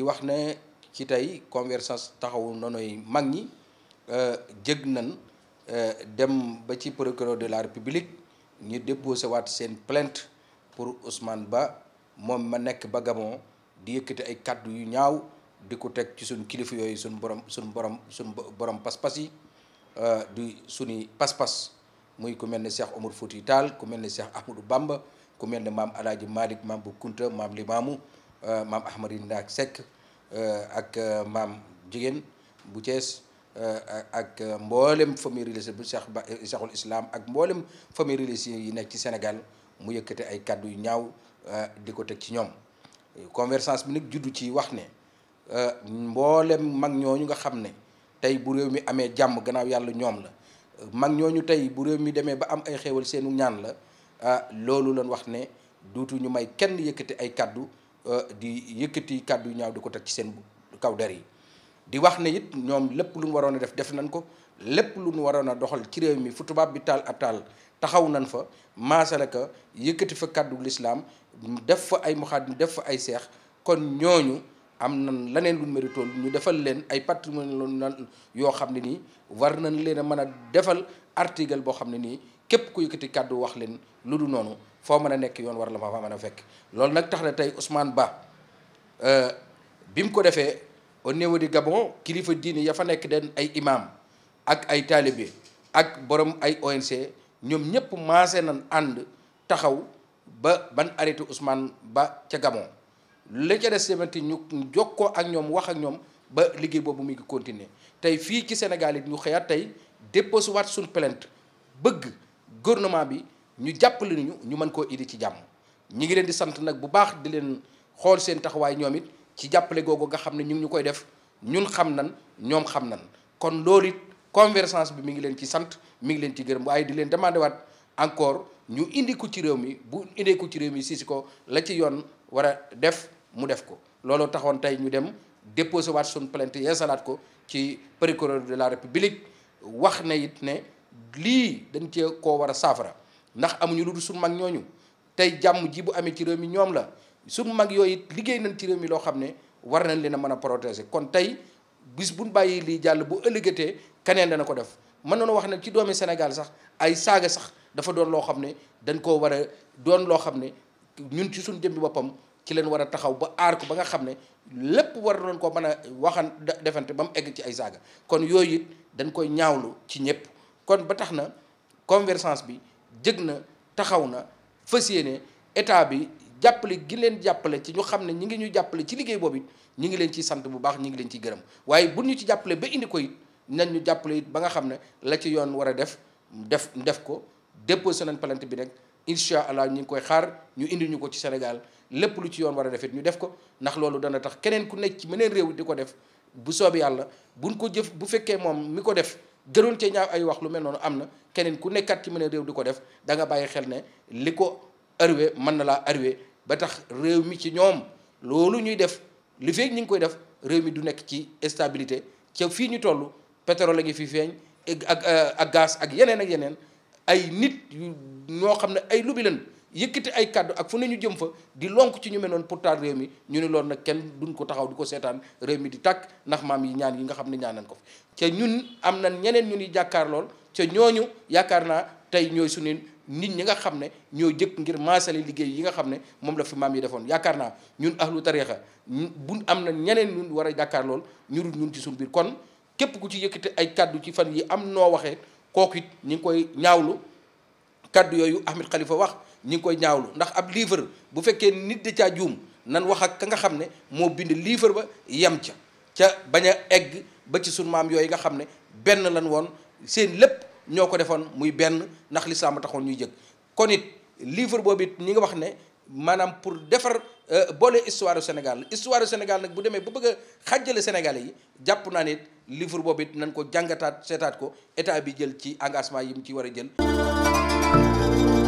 di wax na ci tey convergence taxawu yi mag ñi euh, jëg nan euh, dem ba ci procureur de la république ñu déposé waat seen plainte pour Ousmane Ba moom ma nekk ba Gabon di yëkkati ay kàddu yu ñaaw di ko teg ci suñ kilifa yooyu suñ borom suñ borom suñ borom pas-pas yi euh, du suñu pas-pas muy ku mel ne Cheikh Omar Fouti Tall ku mel ne Cheikh Ahmadou Bamba ku mel ne maam Alaaji Malick maam bu Kunta maam Limaamu maam Ahmadou Ndak Seck Euh, ak euh, maam jigéen bu Thiès euh, ak mboolem famille religieuse bu Cheikh ba Cheikhul Islam ak mboolem famille religieuse yi nekk ci Sénégal mu yëkkate ay kàddu yu ñaaw di ko teg ci ñoom convergence bi nag juddu ci wax ne mboolem mag ñooñu nga xam ne tey bu réew mi amee jàmm gannaaw yàlla ñoom la mag ñooñu tey bu réew mi demee ba am ay xéewal seenu ñaan la ah, loolu lañ wax ne duutu ñu may kenn yëkkate ay kàddu Euh, di yëkkati kàddu yu ñaaw di ko teg ci seen kaw der yi di wax na it ñoom lépp lu ñu waroon a def def nañ ko lépp lu ñu waroon a doxal ci réew mi fu tubaab bi taal ab taal taxaw nañ fa maasale ka yëkkati fa kàddu lislaam def fa ay muxaadim def fa ay seex kon ñooñu am nan leneen lu meritool ñu defal leen ay patrimoine yoo xam ne nii war nañ leen a mën a defal article boo xam ne nii képp ku yëkkati kàddu wax leen lu du noonu foo mën a nekk yoon war la ma fa mën a fekk loolu nag tax na tey Ousmane Ba euh, bi mu ko defee au niveau du Gabon kilifa diini ya fa nekk den ay imaam ak ay taalibe ak boroom ay ONC ñoom ñëpp maase nañ ànd taxaw ba ban arrêté Ousmane Ba ca Gabon li ca des tamit ñu jokkoo ak ñoom wax ak ñoom ba liggéey boobu mu ngi continuer tey fii ci Sénégal it ñu xëyaat tey déposé waat suñ plainte bëgg gouvernement bi ñu jàppale ñu ñu mën koo indi ci jàmm ñi ngi leen di sant nag bu baax di leen xool seen taxawaay ñoom it ci jàppale googu nga xam ne ñu ngi ñu koy def ñun xam nan ñoom xam nan kon loolu it convergence bi mi ngi leen ci sant mi ngi leen ci gërëm waaye di leen demandé waat encore ñu indi ko ci réew mi bu indee ko ci réew mi siisi ko la ci yoon war a def mu def ko looloo taxoon tey ñu dem déposé waat suñu plainte yeesalaat ko ci procureur de la république wax na it ne lii dañ cee koo war a saafara ndax amuñu lu dul suñ mag ñooñu tey jàmm ji bu amee ci réew mi ñoom la suñ mag yooyu liggéey nañ ci réew mi loo xam ne war nañ leen mën a protéger kon tey bis buñ bàyyi lii jàll bu ëllëgatee keneen dana ko def mën nañu wax ne ci doomi Sénégal sax ay saaga sax dafa doon loo xam ne dañ koo war a doon loo xam ne ñun ci suñ jëmmi boppam ci leen war a taxaw ba aar ko ba nga xam ne lépp war nañ koo mën a waxan defante ba mu egg ci ay saaga kon yooyu it dañ koy ñaawlu ci ñëpp kon ba tax na convergence bi jëg na taxaw na fas yéene état bi jàppale gi leen jàppale ci ñu xam ne ñu ngi ñu jàppale ci liggéey boobu it ñi ngi leen ciy sant bu baax ñu ngi leen ciy gërëm waaye bu ñu ci jàppale ba indi ko nañ ñu jàppale it ba nga xam ne la ci yoon war a def def def ko déposé nañ plainte bi rek incha allah ñu ngi koy xaar ñu indi ñu ko ci Sénégal lépp lu ci yoon war a def it ñu def ko ndax loolu dana tax keneen ku nekk ci meneen réew di ko def bu soobee yàlla buñ ko jëf bu fekkee moom mi ko def gënoon cee ñaaw ay wax lu mel noonu am na keneen ku nekkat ci mën a réew di ko def danga bàyyi xel ne li ko arrivé mën na laa arrivé ba tax réew mi ci ñoom loolu ñuy def li feeg ñi ngi koy def réew mi du nekk ci stabilité ca fii ñu toll pétrole la ngi fi feeñ ak ak gaz ak yeneen ak yeneen ay nit ñoo xam ne ay lubi lan yëkkati ay kàddu ak fu ne ñu jëm fa di lonk ci ñu mel noonu pour réew mi ñu ne loolu nag kenn duñ ko taxaw di ko seetaan réew mi di tàkk ndax maam yi ñaan yi nga xam ne ñaan nañ ko fi te ñun am na ñeneen ñu ni jàkkaar lool ñooñu yaakaar naa tey ñooy suñu nit ñi nga xam ne ñoo jëkk ngir maasale liggéey yi nga xam ne moom la maam yi defoon yaakaar naa ñun ahlu tariixa buñ am na ñeneen ñun war a jàkkaar lool ñu dul ñun ci suñu biir kon képp ku ci yëkkati ay kàddu ci fan yi am noo waxee kooku it ñi ngi koy ñaawlu kaddu yooyu Ahmed Khalifa wax ñi ngi koy ñaawlu ndax ab livre bu fekkee nit da caa juum nan wax ak ka nga xam ne moo bind livre ba yem ca ca bañ a egg ba ci sun maam yooyu nga xam ne benn lan woon seen lépp ñoo ko defoon muy benn ndax lislaam a taxoon ñuy jëg kon it livre boobu ñi nga wax ne maanaam pour defar euh, boole histoire Sénégal histoire du Sénégal nag bu demee ba bëgg a xàjjale Sénégalais yi jàpp naa nit livre boobu it nañ ko jàngataat seetaat ko état bi jël ci engagement yi mu ci war a jël. Thank you.